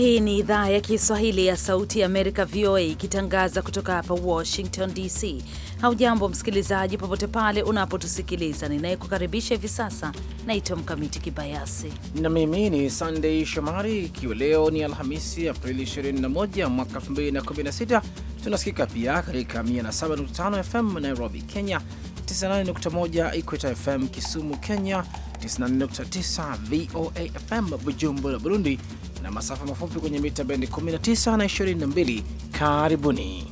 Hii ni idhaa ya Kiswahili ya Sauti ya Amerika, VOA, ikitangaza kutoka hapa Washington DC. Haujambo msikilizaji, popote pale unapotusikiliza. Ninayekukaribisha hivi sasa naitwa Mkamiti Kibayasi na mimi ni sandey Shomari. Ikiwa leo ni Alhamisi, Aprili 21 mwaka 2016, tunasikika pia katika 107.5 FM Nairobi, Kenya, 98.1 Equator FM Kisumu, Kenya, 94.9 VOA FM Bujumbura, Burundi na masafa mafupi kwenye mita bendi 19 na 22. Karibuni.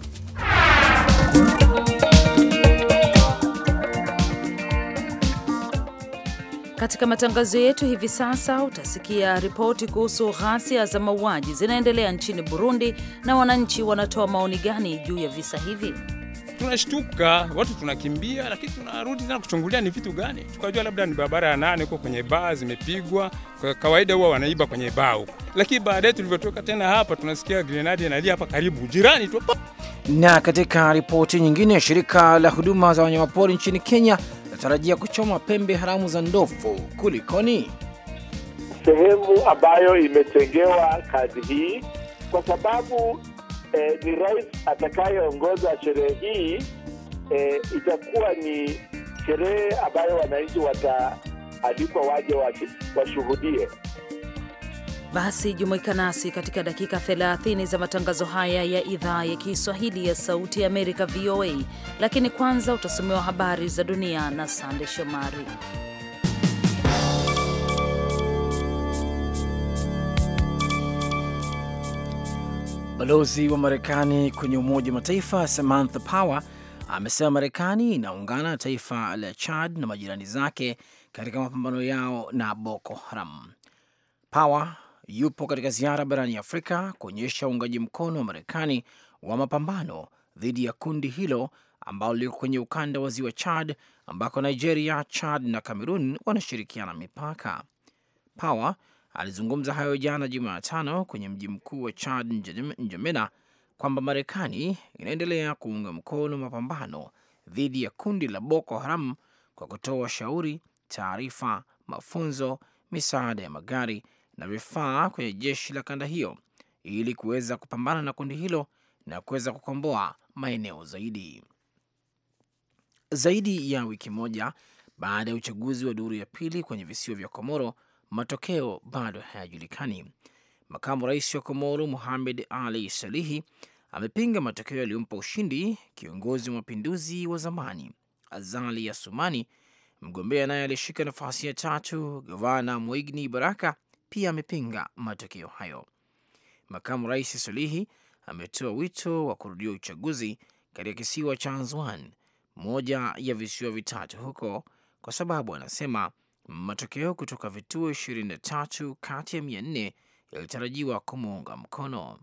Katika matangazo yetu hivi sasa utasikia ripoti kuhusu ghasia za mauaji zinaendelea nchini Burundi na wananchi wanatoa maoni gani juu ya visa hivi tunashtuka, watu tunakimbia, lakini tunarudi tena kuchungulia ni vitu gani, tukajua labda ni barabara ya nane huko kwenye baa zimepigwa. Kwa kawaida huwa wanaiba kwenye baa huko, lakini baadaye tulivyotoka tena hapa tunasikia grenadi inalia hapa karibu jirani tu. Na katika ripoti nyingine, shirika la huduma za wanyamapori nchini Kenya natarajia kuchoma pembe haramu za ndovu. Kulikoni? sehemu ambayo imetengewa kazi hii kwa sababu eh, ni rais atakayeongoza sherehe hii eh, itakuwa ni sherehe ambayo wananchi wataalikwa waje washuhudie. Basi jumuika nasi katika dakika 30 za matangazo haya ya idhaa ya Kiswahili ya Sauti ya Amerika, VOA, lakini kwanza utasomewa habari za dunia na Sande Shomari. Balozi wa Marekani kwenye Umoja wa Mataifa Samantha Power amesema Marekani inaungana na taifa la Chad na majirani zake katika mapambano yao na Boko Haram. Power yupo katika ziara barani Afrika kuonyesha uungaji mkono wa Marekani wa mapambano dhidi ya kundi hilo ambalo liko kwenye ukanda wa ziwa Chad ambako Nigeria, Chad na Cameroon wanashirikiana mipaka. Power Alizungumza hayo jana Jumatano kwenye mji mkuu wa Chad, Njamena, kwamba Marekani inaendelea kuunga mkono mapambano dhidi ya kundi la Boko Haram kwa kutoa shauri, taarifa, mafunzo, misaada ya magari na vifaa kwenye jeshi la kanda hiyo ili kuweza kupambana na kundi hilo na kuweza kukomboa maeneo zaidi. Zaidi ya wiki moja baada ya uchaguzi wa duru ya pili kwenye visiwa vya Komoro matokeo bado hayajulikani. Makamu rais wa Komoro Muhamed Ali Salihi amepinga matokeo yaliyompa ushindi kiongozi wa mapinduzi wa zamani Azali ya Sumani. Mgombea naye alishika nafasi ya tatu, gavana Mwigni Baraka, pia amepinga matokeo hayo. Makamu rais Salihi ametoa wito wa kurudia uchaguzi katika kisiwa cha Anzwan, moja ya visiwa vitatu huko, kwa sababu anasema matokeo kutoka vituo 23 kati ya 400 yalitarajiwa kumuunga mkono.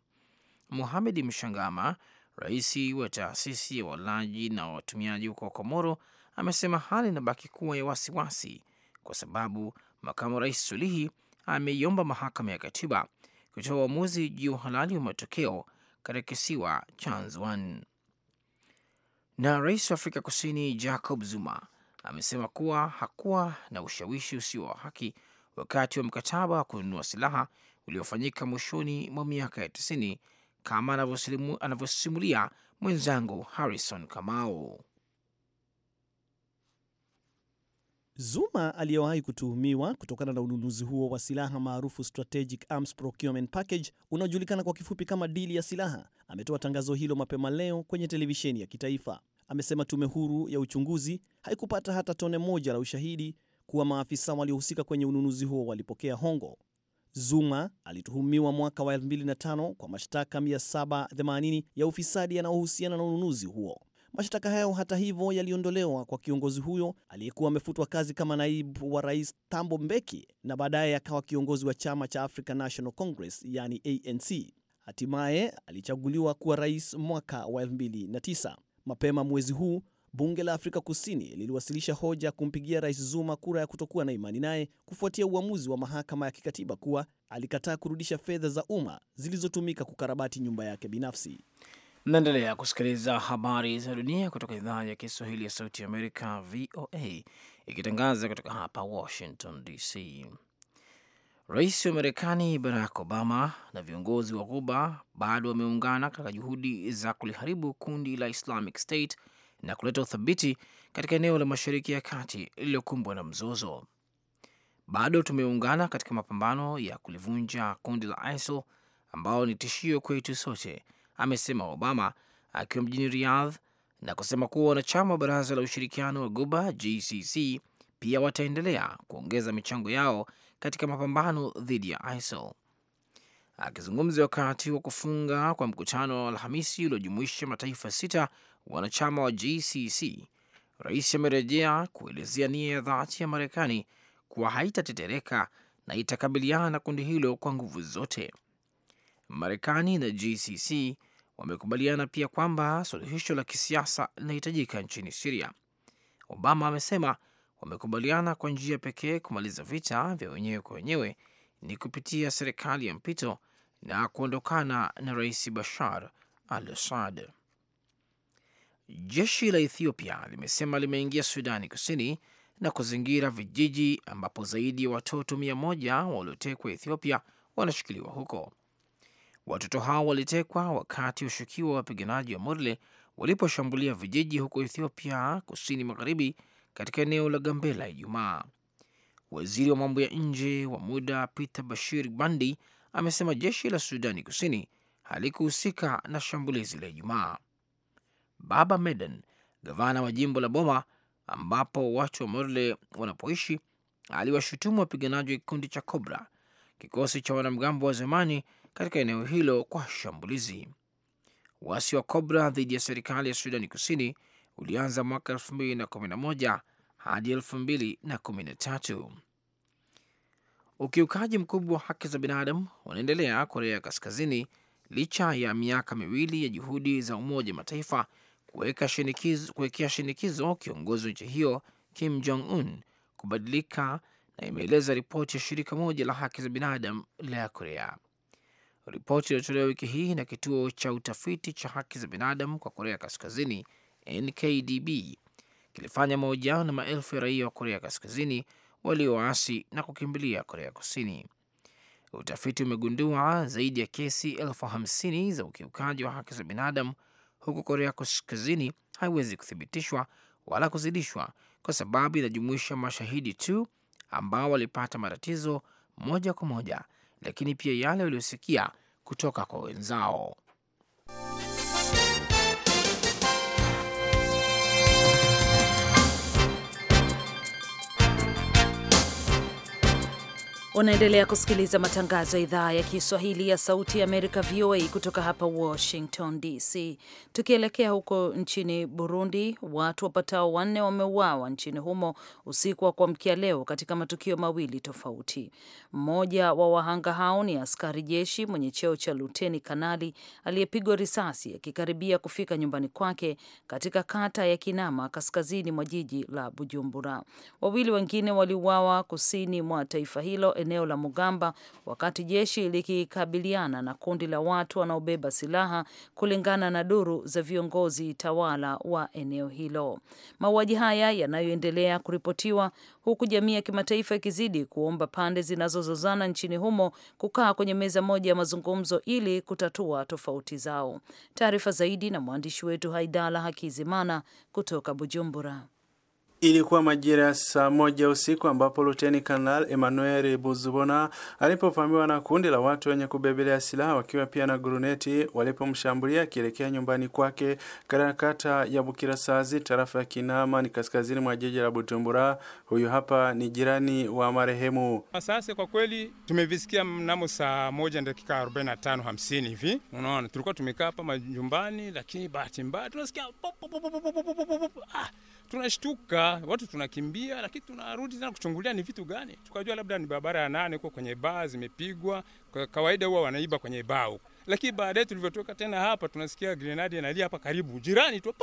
Muhamedi Mshangama, rais wa taasisi ya walaji na watumiaji huko Komoro, amesema hali inabaki kuwa ya wasiwasi wasi, kwa sababu makamu rais Sulihi ameiomba mahakama ya katiba kutoa uamuzi juu ya uhalali wa matokeo katika kisiwa cha Na rais wa Afrika Kusini Jacob Zuma amesema kuwa hakuwa na ushawishi usio wa haki wakati wa mkataba wa kununua silaha uliofanyika mwishoni mwa miaka ya tisini kama anavyosimulia mwenzangu Harrison Kamau. Zuma aliyewahi kutuhumiwa kutokana na ununuzi huo wa silaha maarufu Strategic Arms Procurement Package unaojulikana kwa kifupi kama dili ya silaha ametoa tangazo hilo mapema leo kwenye televisheni ya kitaifa amesema tume huru ya uchunguzi haikupata hata tone moja la ushahidi kuwa maafisa waliohusika kwenye ununuzi huo walipokea hongo. Zuma alituhumiwa mwaka wa 2005 kwa mashtaka 780 ya ufisadi yanayohusiana na ununuzi huo. Mashtaka hayo hata hivyo yaliondolewa kwa kiongozi huyo aliyekuwa amefutwa kazi kama naibu wa rais tambo Mbeki na baadaye akawa kiongozi wa chama cha African National Congress yani ANC. Hatimaye alichaguliwa kuwa rais mwaka wa 2009. Mapema mwezi huu bunge la Afrika Kusini liliwasilisha hoja kumpigia rais Zuma kura ya kutokuwa na imani naye kufuatia uamuzi wa mahakama ya kikatiba kuwa alikataa kurudisha fedha za umma zilizotumika kukarabati nyumba yake binafsi. Mnaendelea kusikiliza habari za dunia kutoka idhaa ya Kiswahili ya Sauti ya Amerika, VOA, ikitangaza kutoka hapa Washington DC. Rais wa Marekani Barack Obama na viongozi wa Ghuba bado wameungana katika juhudi za kuliharibu kundi la Islamic State na kuleta uthabiti katika eneo la Mashariki ya Kati lililokumbwa na mzozo. Bado tumeungana katika mapambano ya kulivunja kundi la ISIL ambao ni tishio kwetu sote, amesema Obama akiwa mjini Riyadh na kusema kuwa wanachama wa Baraza la Ushirikiano wa Ghuba GCC pia wataendelea kuongeza michango yao katika mapambano dhidi ya ISIL. Akizungumza wakati wa kufunga kwa mkutano wa Alhamisi uliojumuisha mataifa sita wanachama wa GCC, rais amerejea kuelezea nia ya dhati ya Marekani kuwa haitatetereka na itakabiliana na kundi hilo kwa nguvu zote. Marekani na GCC wamekubaliana pia kwamba suluhisho la kisiasa linahitajika nchini Siria. Obama amesema wamekubaliana kwa njia pekee kumaliza vita vya wenyewe kwa wenyewe ni kupitia serikali ya mpito na kuondokana na rais Bashar al Assad. Jeshi la Ethiopia limesema limeingia Sudani Kusini na kuzingira vijiji ambapo zaidi ya watoto mia moja waliotekwa Ethiopia wanashikiliwa huko. Watoto hao walitekwa wakati washukiwa wapiganaji wa Morle waliposhambulia vijiji huko Ethiopia kusini magharibi katika eneo la Gambela Ijumaa. Waziri wa mambo ya nje wa muda Peter Bashir Bandi amesema jeshi la Sudani Kusini halikuhusika na shambulizi la Ijumaa. Baba Meden, gavana wa jimbo la Boma ambapo watu wa Morle wanapoishi, aliwashutumu wapiganaji wa kikundi cha Cobra, kikosi cha wanamgambo wa zamani katika eneo hilo, kwa shambulizi. Wasi wa Cobra dhidi ya serikali ya Sudani Kusini ulianza mwaka 2011 hadi 2013. Ukiukaji mkubwa wa haki za binadamu unaendelea Korea Kaskazini licha ya miaka miwili ya juhudi za Umoja wa Mataifa kuwekea shinikizo, shinikizo kiongozi wa nchi hiyo Kim Jong Un kubadilika, na imeeleza ripoti ya shirika moja la haki za binadamu la Korea. Ripoti iliyotolewa wiki hii na kituo cha utafiti cha haki za binadamu kwa Korea Kaskazini NKDB kilifanya mahojiano na maelfu ya raia wa Korea Kaskazini walioasi na kukimbilia Korea Kusini. Utafiti umegundua zaidi ya kesi elfu hamsini za ukiukaji wa haki za binadamu huku Korea Kaskazini haiwezi kuthibitishwa wala kuzidishwa kwa sababu inajumuisha mashahidi tu ambao walipata matatizo moja kwa moja, lakini pia yale waliosikia kutoka kwa wenzao. Unaendelea kusikiliza matangazo ya idhaa ya Kiswahili ya Sauti ya Amerika, VOA, kutoka hapa Washington DC. Tukielekea huko nchini Burundi, watu wapatao wanne wameuawa nchini humo usiku wa kuamkia leo katika matukio mawili tofauti. Mmoja wa wahanga hao ni askari jeshi mwenye cheo cha luteni kanali aliyepigwa risasi akikaribia kufika nyumbani kwake katika kata ya Kinama, kaskazini mwa jiji la Bujumbura. Wawili wengine waliuawa kusini mwa taifa hilo eneo la Mugamba wakati jeshi likikabiliana na kundi la watu wanaobeba silaha, kulingana na duru za viongozi tawala wa eneo hilo. Mauaji haya yanayoendelea kuripotiwa huku jamii ya kimataifa ikizidi kuomba pande zinazozozana nchini humo kukaa kwenye meza moja ya mazungumzo ili kutatua tofauti zao. Taarifa zaidi na mwandishi wetu Haidala Hakizimana kutoka Bujumbura. Ilikuwa majira ya saa moja usiku ambapo Luteni Kanal Emmanuel Buzubona alipovamiwa na kundi la watu wenye kubebelea silaha wakiwa pia na guruneti walipomshambulia akielekea nyumbani kwake katika kata ya Bukirasazi tarafa ya Kinama ni kaskazini mwa jiji la Bujumbura. Huyu hapa ni jirani wa marehemu. Sasa kwa kweli tumevisikia mnamo saa moja na dakika 45 hamsini hivi, unaona tulikuwa tumekaa hapa majumbani, lakini bahati mbaya tunasikia tunashtuka, watu tunakimbia, lakini tunarudi tena kuchungulia ni vitu gani, tukajua labda ni barabara ya nane huko kwenye baa zimepigwa. Kwa kawaida huwa wanaiba kwenye baa huko, lakini baadaye tulivyotoka tena hapa tunasikia grenadi inalia hapa karibu jirani tu.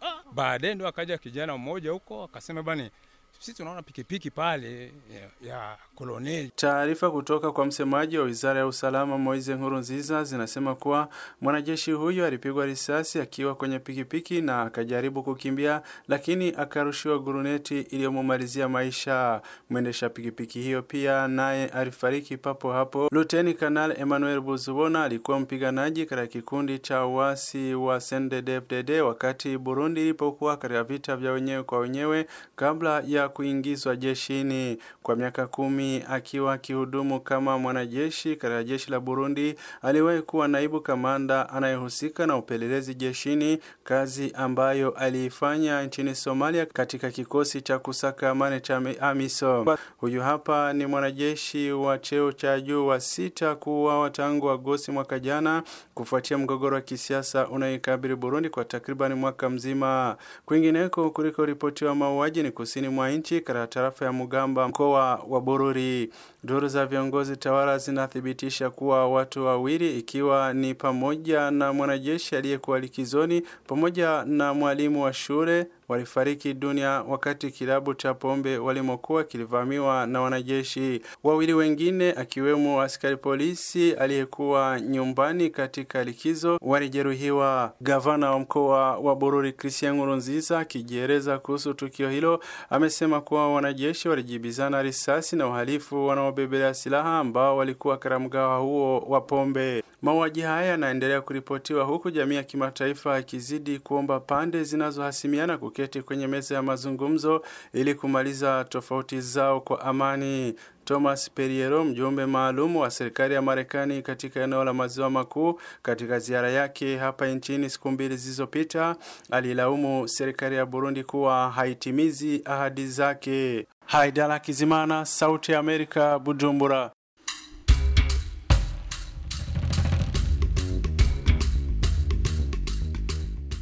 Ah. Baadaye ndo akaja kijana mmoja huko akasema bani sisi tunaona pikipiki pale ya, ya koloneli. Taarifa kutoka kwa msemaji wa wizara ya usalama Moise Nkurunziza zinasema kuwa mwanajeshi huyo alipigwa risasi akiwa kwenye pikipiki na akajaribu kukimbia, lakini akarushiwa guruneti iliyomumalizia maisha. Mwendesha pikipiki hiyo pia naye alifariki papo hapo. Luteni Kanal Emmanuel Buzubona alikuwa mpiganaji katika kikundi cha uasi wa CNDD-FDD wakati Burundi ilipokuwa katika vita vya wenyewe kwa wenyewe kabla ya kuingizwa jeshini. Kwa miaka kumi akiwa akihudumu kama mwanajeshi katika jeshi la Burundi, aliwahi kuwa naibu kamanda anayehusika na upelelezi jeshini, kazi ambayo aliifanya nchini Somalia katika kikosi cha kusaka amani cha AMISOM. Huyu hapa ni mwanajeshi wa cheo cha juu wa sita kuuawa tangu Agosti mwaka jana kufuatia mgogoro wa kisiasa unaoikabili Burundi kwa takriban mwaka mzima. Kwingineko kuliko ripoti wa mauaji ni kusini mwa wananchi katika tarafa ya Mugamba, mkoa wa Bururi. Duru za viongozi tawala zinathibitisha kuwa watu wawili ikiwa ni pamoja na mwanajeshi aliyekuwa likizoni pamoja na mwalimu wa shule walifariki dunia wakati kilabu cha pombe walimokuwa kilivamiwa na wanajeshi. Wawili wengine akiwemo askari polisi aliyekuwa nyumbani katika likizo walijeruhiwa. Gavana wa mkoa wa Bururi Christian Nkurunziza akijieleza kuhusu tukio hilo amesema kuwa wanajeshi walijibizana risasi na uhalifu wanaobebelea silaha ambao walikuwa karamgawa huo wa pombe. Mauaji haya yanaendelea kuripotiwa huku jamii ya kimataifa ikizidi kuomba pande zinazohasimiana kuketi kwenye meza ya mazungumzo ili kumaliza tofauti zao kwa amani. Thomas Periero, mjumbe maalum wa serikali ya Marekani katika eneo la maziwa makuu, katika ziara yake hapa nchini siku mbili zilizopita, alilaumu serikali ya Burundi kuwa haitimizi ahadi zake. Haidara Kizimana, Sauti ya Amerika, Bujumbura.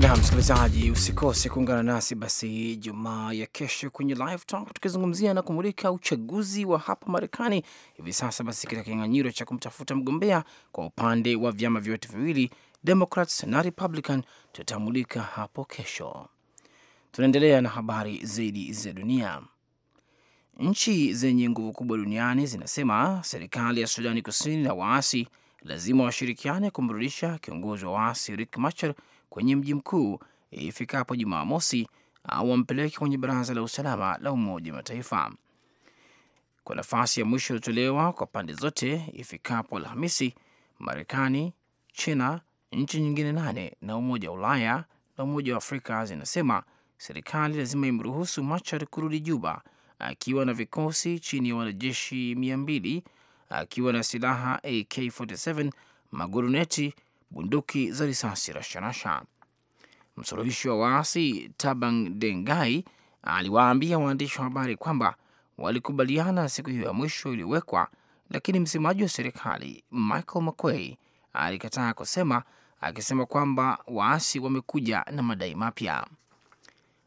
na msikilizaji, usikose kuungana nasi basi Jumaa ya kesho kwenye Live Talk tukizungumzia na kumulika uchaguzi wa hapa Marekani hivi sasa, basi katika kinyang'anyiro cha kumtafuta mgombea kwa upande wa vyama vyote viwili Democrats na Republican. Tutamulika hapo kesho. Tunaendelea na habari zaidi za dunia. Nchi zenye nguvu kubwa duniani zinasema serikali ya Sudani Kusini na waasi lazima washirikiane kumrudisha kiongozi wa waasi rick Machar kwenye mji mkuu ifikapo Jumamosi au wampeleke kwenye baraza la usalama la Umoja wa Mataifa. Kwa nafasi ya mwisho iliotolewa kwa pande zote ifikapo Alhamisi, Marekani, China, nchi nyingine nane na Umoja wa Ulaya na Umoja wa Afrika zinasema serikali lazima imruhusu Machar kurudi Juba akiwa na vikosi chini ya wanajeshi mia mbili akiwa na silaha AK47, maguruneti bunduki za risasi rasharasha. Msuluhishi wa waasi Tabang Dengai aliwaambia waandishi wa habari kwamba walikubaliana siku hiyo ya mwisho iliyowekwa, lakini msemaji wa serikali Michael McQuay alikataa kusema, akisema kwamba waasi wamekuja na madai mapya.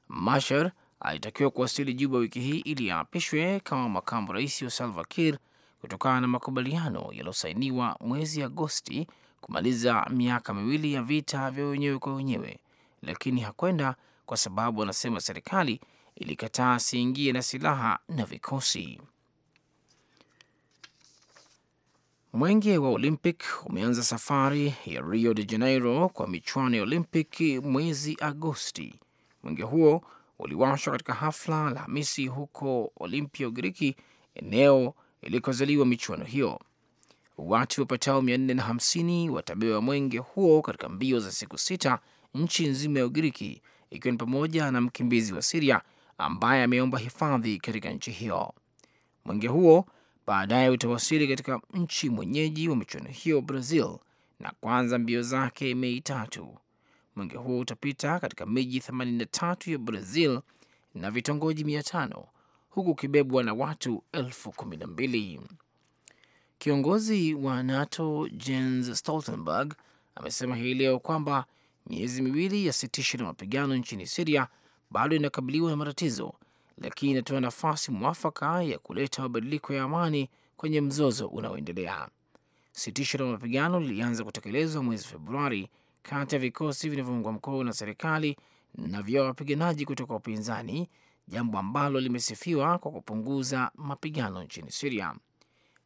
Mashar alitakiwa kuwasili Juba wiki hii ili aapishwe kama makamu rais wa Salva Kiir kutokana na makubaliano yaliyosainiwa mwezi Agosti kumaliza miaka miwili ya vita vya wenyewe kwa wenyewe, lakini hakwenda kwa sababu wanasema serikali ilikataa siingie na silaha na vikosi. Mwenge wa Olympic umeanza safari ya Rio de Janeiro kwa michuano ya olympic mwezi Agosti. Mwenge huo uliwashwa katika hafla Alhamisi huko Olimpia, Ugiriki, eneo ilikozaliwa michuano hiyo watu wapatao 450 watabewa mwenge huo katika mbio za siku sita nchi nzima ya Ugiriki, ikiwa ni pamoja na mkimbizi wa Siria ambaye ameomba hifadhi katika nchi hiyo. Mwenge huo baadaye utawasili katika nchi mwenyeji wa michuano hiyo, Brazil, na kwanza mbio zake Mei tatu. Mwenge huo utapita katika miji 83 ya Brazil na vitongoji 500 huku ukibebwa na watu elfu kumi na mbili. Kiongozi wa NATO Jens Stoltenberg amesema hii leo kwamba miezi miwili ya sitisho la mapigano nchini Siria bado inakabiliwa na matatizo, lakini inatoa nafasi mwafaka ya kuleta mabadiliko ya amani kwenye mzozo unaoendelea. Sitisho la mapigano lilianza kutekelezwa mwezi Februari kati ya vikosi vinavyoungwa mkono na serikali na vya wapiganaji kutoka upinzani, jambo ambalo limesifiwa kwa kupunguza mapigano nchini Siria.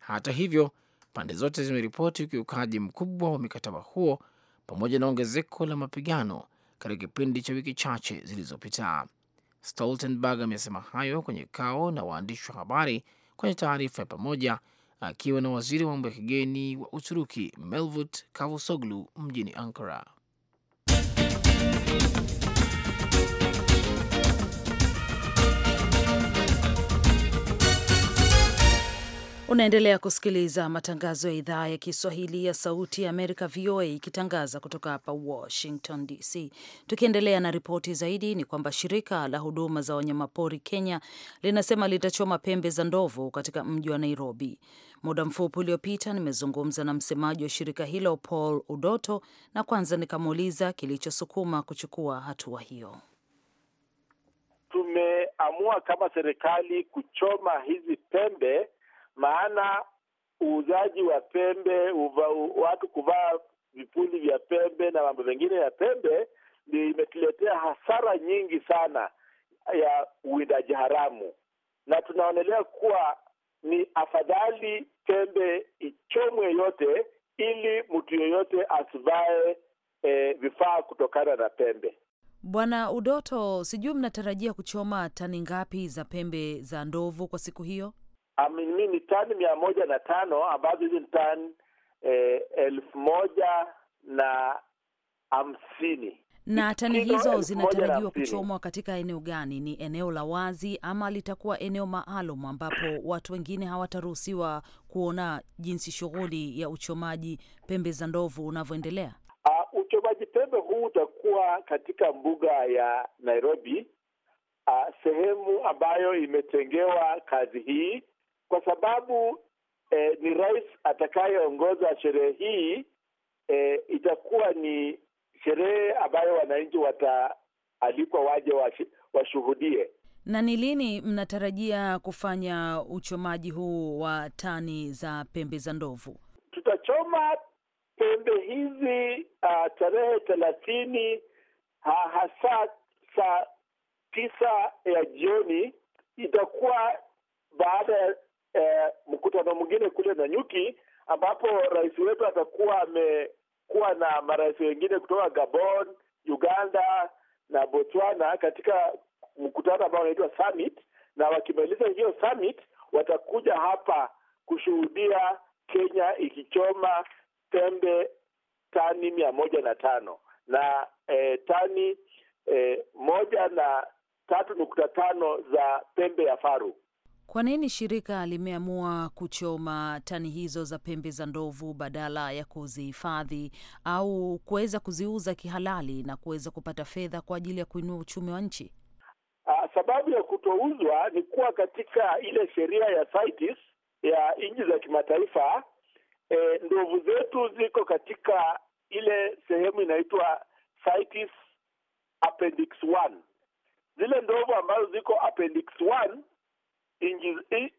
Hata hivyo, pande zote zimeripoti ukiukaji mkubwa wa mikataba huo pamoja na ongezeko la mapigano katika kipindi cha wiki chache zilizopita. Stoltenberg amesema hayo kwenye kikao na waandishi wa habari kwenye taarifa ya pamoja akiwa na waziri wa mambo ya kigeni wa Uturuki Mevlut Cavusoglu mjini Ankara. Unaendelea kusikiliza matangazo ya idhaa ya Kiswahili ya Sauti ya Amerika, VOA, ikitangaza kutoka hapa Washington DC. Tukiendelea na ripoti zaidi, ni kwamba shirika la huduma za wanyamapori Kenya linasema litachoma pembe za ndovu katika mji wa Nairobi. Muda mfupi uliopita nimezungumza na msemaji wa shirika hilo Paul Udoto, na kwanza nikamuuliza kilichosukuma kuchukua hatua hiyo. Tumeamua kama serikali kuchoma hizi pembe maana uuzaji wa pembe uva, u, watu kuvaa vipuli vya pembe na mambo mengine ya pembe imetuletea hasara nyingi sana ya uwindaji haramu, na tunaonelea kuwa ni afadhali pembe ichomwe yote ili mtu yeyote asivae e, vifaa kutokana na pembe. Bwana Udoto, sijui mnatarajia kuchoma tani ngapi za pembe za ndovu kwa siku hiyo? ni tani mia moja na tano ambazo hizi ni tani eh, elfu moja na hamsini na tani hizo zinatarajiwa kuchomwa katika eneo gani? Ni eneo la wazi ama litakuwa eneo maalum ambapo watu wengine hawataruhusiwa kuona jinsi shughuli ya uchomaji pembe za ndovu unavyoendelea? Uh, uchomaji pembe huu utakuwa katika mbuga ya Nairobi, uh, sehemu ambayo imetengewa kazi hii kwa sababu eh, ni rais atakayeongoza sherehe hii eh, itakuwa ni sherehe ambayo wananchi wataalikwa waje washuhudie. Na ni lini mnatarajia kufanya uchomaji huu wa tani za pembe za ndovu? Tutachoma pembe hizi uh, tarehe thelathini uh, hasa saa tisa ya jioni. Itakuwa baada ya eh, mkutano mwingine kule Nanyuki ambapo rais wetu atakuwa amekuwa na marais wengine kutoka Gabon, Uganda na Botswana katika mkutano ambao unaitwa summit, na wakimaliza hiyo summit watakuja hapa kushuhudia Kenya ikichoma pembe tani mia moja na tano na eh, tani eh, moja na tatu nukta tano za pembe ya faru. Kwa nini shirika limeamua kuchoma tani hizo za pembe za ndovu badala ya kuzihifadhi au kuweza kuziuza kihalali na kuweza kupata fedha kwa ajili ya kuinua uchumi wa nchi? Ah, sababu ya kutouzwa ni kuwa katika ile sheria ya CITES ya nchi za kimataifa e, ndovu zetu ziko katika ile sehemu inaitwa CITES Appendix 1. Zile ndovu ambazo ziko Appendix 1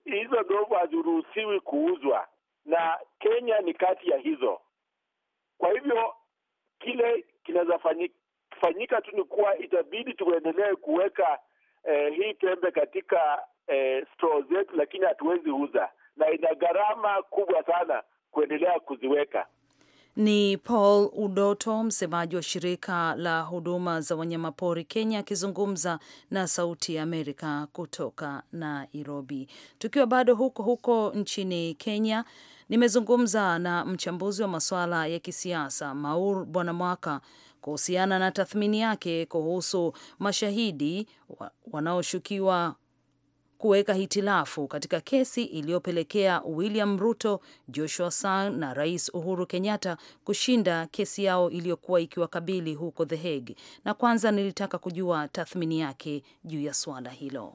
hizo ndovu haziruhusiwi kuuzwa, na Kenya ni kati ya hizo. Kwa hivyo kile kinaweza fanyika tu ni kuwa itabidi tuendelee kuweka eh, hii pembe katika eh, straw zetu, lakini hatuwezi uza na ina gharama kubwa sana kuendelea kuziweka. Ni Paul Udoto, msemaji wa shirika la huduma za wanyamapori Kenya, akizungumza na Sauti ya Amerika kutoka Nairobi. Tukiwa bado huko huko nchini Kenya, nimezungumza na mchambuzi wa masuala ya kisiasa Maur Bwanamwaka kuhusiana na tathmini yake kuhusu mashahidi wanaoshukiwa kuweka hitilafu katika kesi iliyopelekea William Ruto, Joshua Sang na Rais Uhuru Kenyatta kushinda kesi yao iliyokuwa ikiwakabili huko The Hague, na kwanza nilitaka kujua tathmini yake juu ya suala hilo.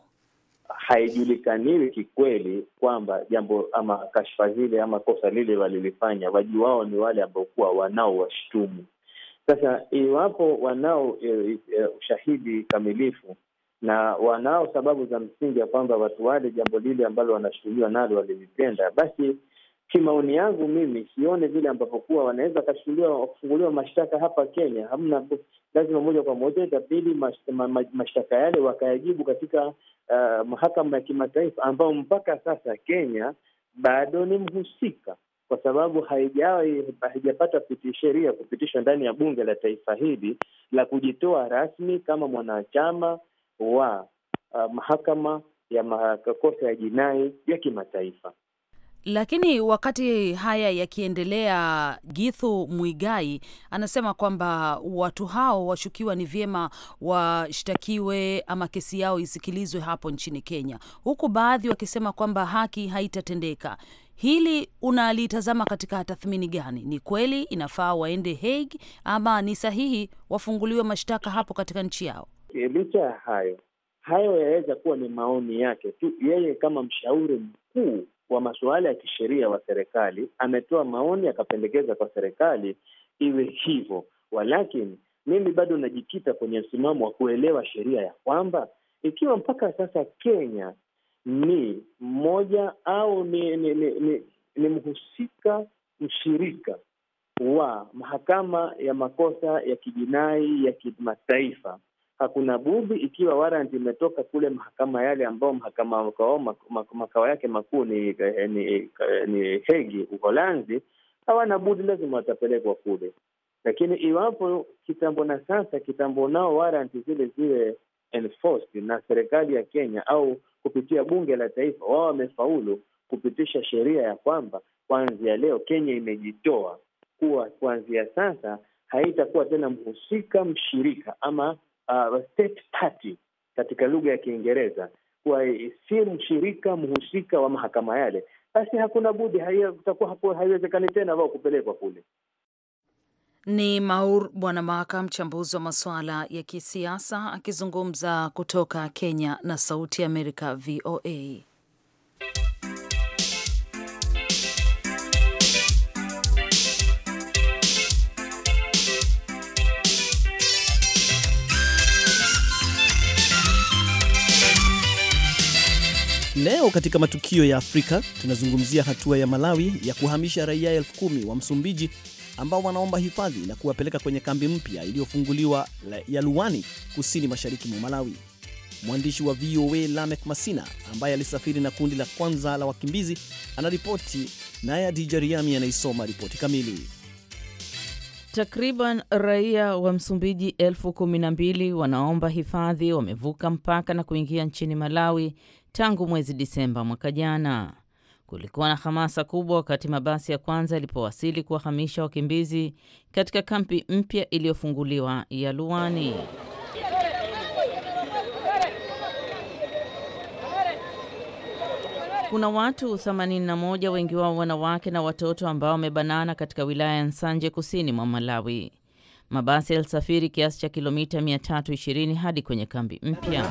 Haijulikaniwi kikweli kwamba jambo ama kashfa zile ama kosa lile walilifanya, waju wao ni wale ambao kuwa wanaowashtumu. Sasa iwapo wanao e, e, ushahidi kamilifu na wanao sababu za msingi ya kwamba watu wale jambo lile ambalo wanashuhuliwa nalo walilipenda, basi kimaoni yangu mimi sione vile ambapo kuwa wanaweza wakashuhuliwa wakufunguliwa mashtaka hapa Kenya. Hamna, lazima moja kwa moja itabidi mashtaka yale wakayajibu katika uh, mahakama ya kimataifa ambao mpaka sasa Kenya bado ni mhusika kwa sababu haijapata sheria kupitishwa ndani ya bunge la taifa hili la kujitoa rasmi kama mwanachama wa uh, mahakama ya makosa ya jinai ya kimataifa. Lakini wakati haya yakiendelea, Githu Mwigai anasema kwamba watu hao washukiwa ni vyema washtakiwe ama kesi yao isikilizwe hapo nchini Kenya, huku baadhi wakisema kwamba haki haitatendeka. Hili unalitazama katika tathmini gani? Ni kweli inafaa waende Hague ama ni sahihi wafunguliwe mashtaka hapo katika nchi yao? Eh, licha ya hayo, hayo yaweza kuwa ni maoni yake tu. Yeye kama mshauri mkuu wa masuala ya kisheria wa serikali ametoa maoni akapendekeza kwa serikali iwe hivyo, walakini mimi bado najikita kwenye msimamo wa kuelewa sheria ya kwamba ikiwa mpaka sasa Kenya ni mmoja au ni, ni, ni, ni, ni mhusika mshirika wa mahakama ya makosa ya kijinai ya kimataifa, hakuna budi ikiwa warrant imetoka kule mahakama yale ambao mahakama makao yake makuu ni, eh, ni, eh, ni Hegi Uholanzi, hawana budi, lazima watapelekwa kule. Lakini iwapo kitambo na sasa kitambo nao warranti zile zile enforced na serikali ya Kenya au kupitia bunge la taifa, wao wamefaulu kupitisha sheria ya kwamba kuanzia leo Kenya imejitoa kuwa kuanzia sasa haitakuwa tena mhusika mshirika ama uh, state party katika lugha ya Kiingereza kuwa si mshirika mhusika wa mahakama yale, basi hakuna budi kutakuwa hapo, haiwezekani tena wao kupelekwa kule. Ni Maur Bwana Maka, mchambuzi wa masuala ya kisiasa akizungumza kutoka Kenya na Sauti ya Amerika, VOA. Leo katika matukio ya Afrika tunazungumzia hatua ya Malawi ya kuhamisha raia elfu kumi wa Msumbiji ambao wanaomba hifadhi na kuwapeleka kwenye kambi mpya iliyofunguliwa ya Luwani kusini mashariki mwa Malawi. Mwandishi wa VOA Lamek Masina ambaye alisafiri na kundi la kwanza la wakimbizi anaripoti, naye Adija Riami anaisoma ripoti kamili. Takriban raia wa Msumbiji elfu kumi na mbili wanaomba hifadhi wamevuka mpaka na kuingia nchini Malawi tangu mwezi Disemba mwaka jana. Kulikuwa na hamasa kubwa wakati mabasi ya kwanza yalipowasili kuwahamisha wakimbizi katika kambi mpya iliyofunguliwa ya Luwani. Kuna watu 81 wengi wao wanawake na watoto ambao wamebanana katika wilaya ya Nsanje kusini mwa Malawi. Mabasi yalisafiri kiasi cha kilomita 320 hadi kwenye kambi mpya.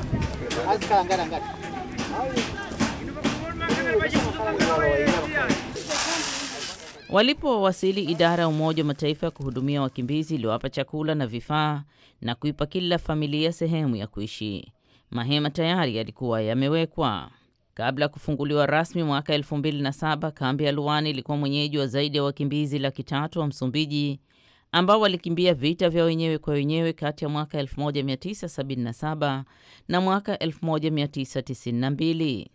Walipowasili idara ya Umoja wa Mataifa ya kuhudumia wakimbizi iliwapa chakula na vifaa na kuipa kila familia sehemu ya kuishi. Mahema tayari yalikuwa yamewekwa kabla ya kufunguliwa rasmi mwaka saba. Kambi ya luani ilikuwa mwenyeji wa zaidi ya wakimbizi laki tatu wa Msumbiji ambao walikimbia vita vya wenyewe kwa wenyewe kati ya mwaka 1977 na mwaka 1992.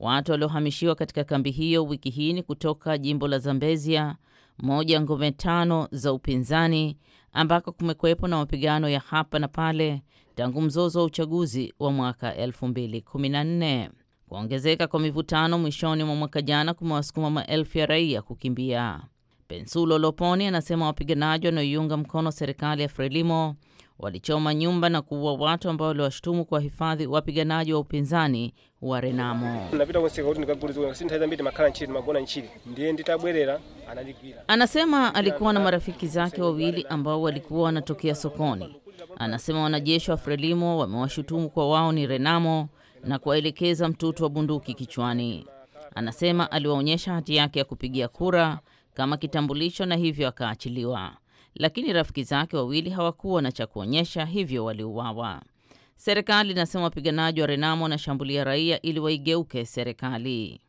Watu waliohamishiwa katika kambi hiyo wiki hii ni kutoka jimbo la Zambezia, moja ya ngome tano za upinzani ambako kumekuwepo na mapigano ya hapa na pale tangu mzozo wa uchaguzi wa mwaka 2014. Kuongezeka kwa mivutano mwishoni mwa mwaka jana kumewasukuma maelfu ya raia kukimbia. Pensulo Loponi anasema wapiganaji wanaoiunga mkono serikali ya Frelimo walichoma nyumba na kuua watu ambao waliwashutumu kwa hifadhi wapiganaji wa upinzani wa Renamo. Anasema alikuwa na marafiki zake wawili ambao walikuwa wanatokea sokoni. Anasema wanajeshi wa Frelimo wamewashutumu kwa wao ni Renamo na kuwaelekeza mtutu wa bunduki kichwani. Anasema aliwaonyesha hati yake ya kupigia kura kama kitambulisho na hivyo akaachiliwa lakini rafiki zake wawili hawakuwa na cha kuonyesha, hivyo waliuawa. Serikali inasema wapiganaji wa Renamo wanashambulia raia ili waigeuke serikali.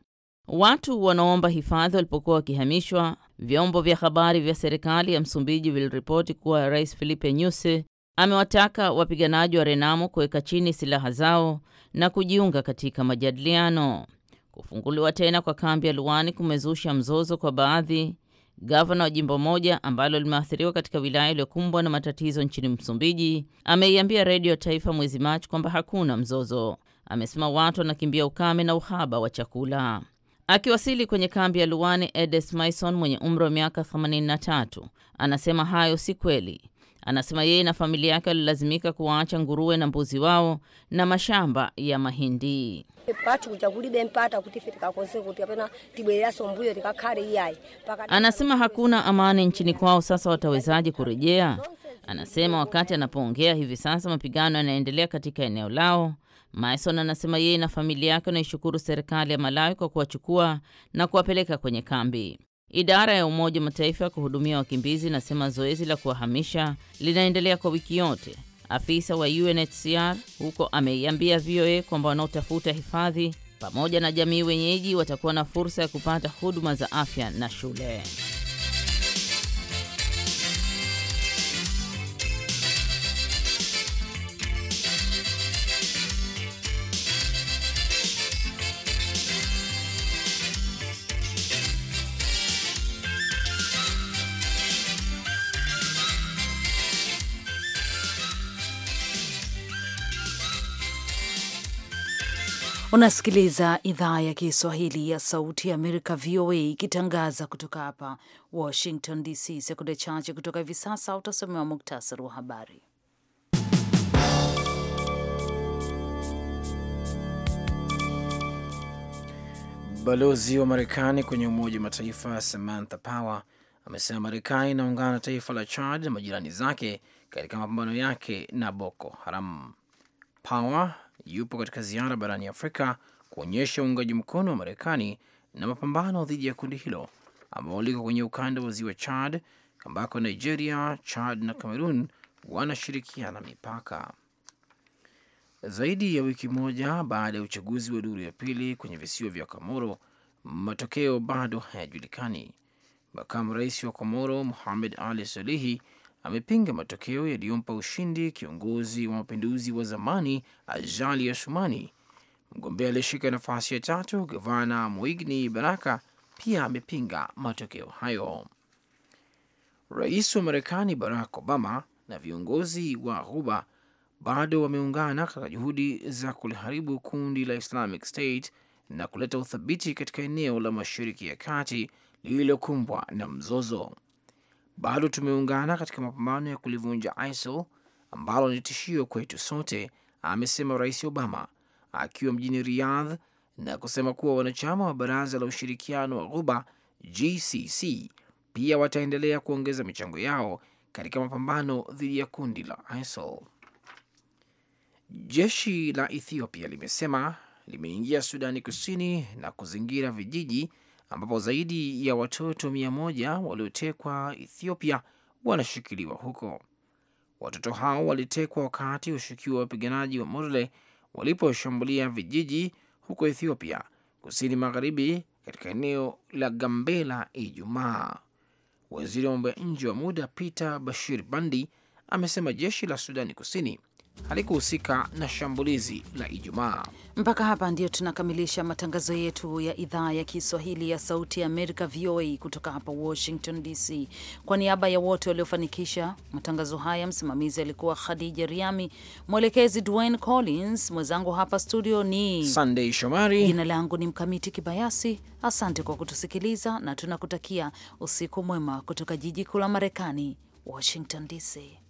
Watu wanaomba hifadhi walipokuwa wakihamishwa, vyombo vya habari vya serikali ya Msumbiji viliripoti kuwa Rais Filipe Nyusi amewataka wapiganaji wa Renamo kuweka chini silaha zao na kujiunga katika majadiliano. Kufunguliwa tena kwa kambi ya Luani kumezusha mzozo kwa baadhi Gavana wa jimbo moja ambalo limeathiriwa katika wilaya iliyokumbwa na matatizo nchini Msumbiji ameiambia redio ya taifa mwezi Machi kwamba hakuna mzozo. Amesema watu wanakimbia ukame na uhaba wa chakula. Akiwasili kwenye kambi ya Luwane, Edes Mason mwenye umri wa miaka 83 anasema hayo si kweli. Anasema yeye na familia yake walilazimika kuwaacha nguruwe na mbuzi wao na mashamba ya mahindi. Anasema hakuna amani nchini kwao, sasa watawezaje kurejea? Anasema wakati anapoongea hivi sasa mapigano yanaendelea katika eneo lao. Maison anasema yeye na familia yake wanaishukuru serikali ya Malawi kwa kuwachukua na kuwapeleka kwenye kambi. Idara ya Umoja wa Mataifa ya kuhudumia wakimbizi inasema zoezi la kuwahamisha linaendelea kwa wiki yote. Afisa wa UNHCR huko ameiambia VOA kwamba wanaotafuta hifadhi pamoja na jamii wenyeji watakuwa na fursa ya kupata huduma za afya na shule. Unasikiliza idhaa ya Kiswahili ya Sauti ya Amerika, VOA, ikitangaza kutoka hapa Washington DC. Sekunde chache kutoka hivi sasa utasomewa muktasari wa habari. Balozi wa Marekani kwenye Umoja wa Mataifa Samantha Power amesema Marekani inaungana na taifa la Chad na majirani zake katika mapambano yake na Boko Haram. Power yupo katika ziara barani Afrika kuonyesha uungaji mkono wa Marekani na mapambano dhidi ya kundi hilo ambao liko kwenye ukanda wa ziwa Chad ambako Nigeria, Chad na Cameroon wanashirikiana mipaka. Zaidi ya wiki moja baada ya uchaguzi wa duru ya pili kwenye visiwa vya Komoro, matokeo bado hayajulikani. Makamu rais wa Komoro muhamed Ali Salihi amepinga matokeo yaliyompa ushindi kiongozi wa mapinduzi wa zamani ya Asumani. Mgombea aliyeshika nafasi ya tatu, gavana Mwigni Baraka, pia amepinga matokeo hayo. Rais wa Marekani Barack Obama na viongozi wa Ghuba bado wameungana katika juhudi za kuliharibu kundi la Islamic State na kuleta uthabiti katika eneo la Mashariki ya Kati lililokumbwa na mzozo bado tumeungana katika mapambano ya kulivunja ISIL ambalo ni tishio kwetu sote, amesema Rais Obama akiwa mjini Riyadh na kusema kuwa wanachama wa Baraza la Ushirikiano wa Ghuba GCC pia wataendelea kuongeza michango yao katika mapambano dhidi ya kundi la ISIL. Jeshi la Ethiopia limesema limeingia Sudani Kusini na kuzingira vijiji ambapo zaidi ya watoto mia moja waliotekwa Ethiopia wanashikiliwa huko. Watoto hao walitekwa wakati washukiwa wapiganaji wa Morle waliposhambulia vijiji huko Ethiopia kusini magharibi katika eneo la Gambela Ijumaa. Waziri wa mambo ya nje wa muda Peter Bashir Bandi amesema jeshi la Sudani Kusini halikuhusika na shambulizi la Ijumaa. Mpaka hapa ndio tunakamilisha matangazo yetu ya idhaa ya Kiswahili ya Sauti ya Amerika, VOA, kutoka hapa Washington DC. Kwa niaba ya wote waliofanikisha matangazo haya, msimamizi alikuwa Khadija Riami, mwelekezi Dwayne Collins, mwenzangu hapa studio ni Sandei Shomari, jina langu ni Mkamiti Kibayasi. Asante kwa kutusikiliza na tunakutakia usiku mwema kutoka jiji kuu la Marekani, Washington DC.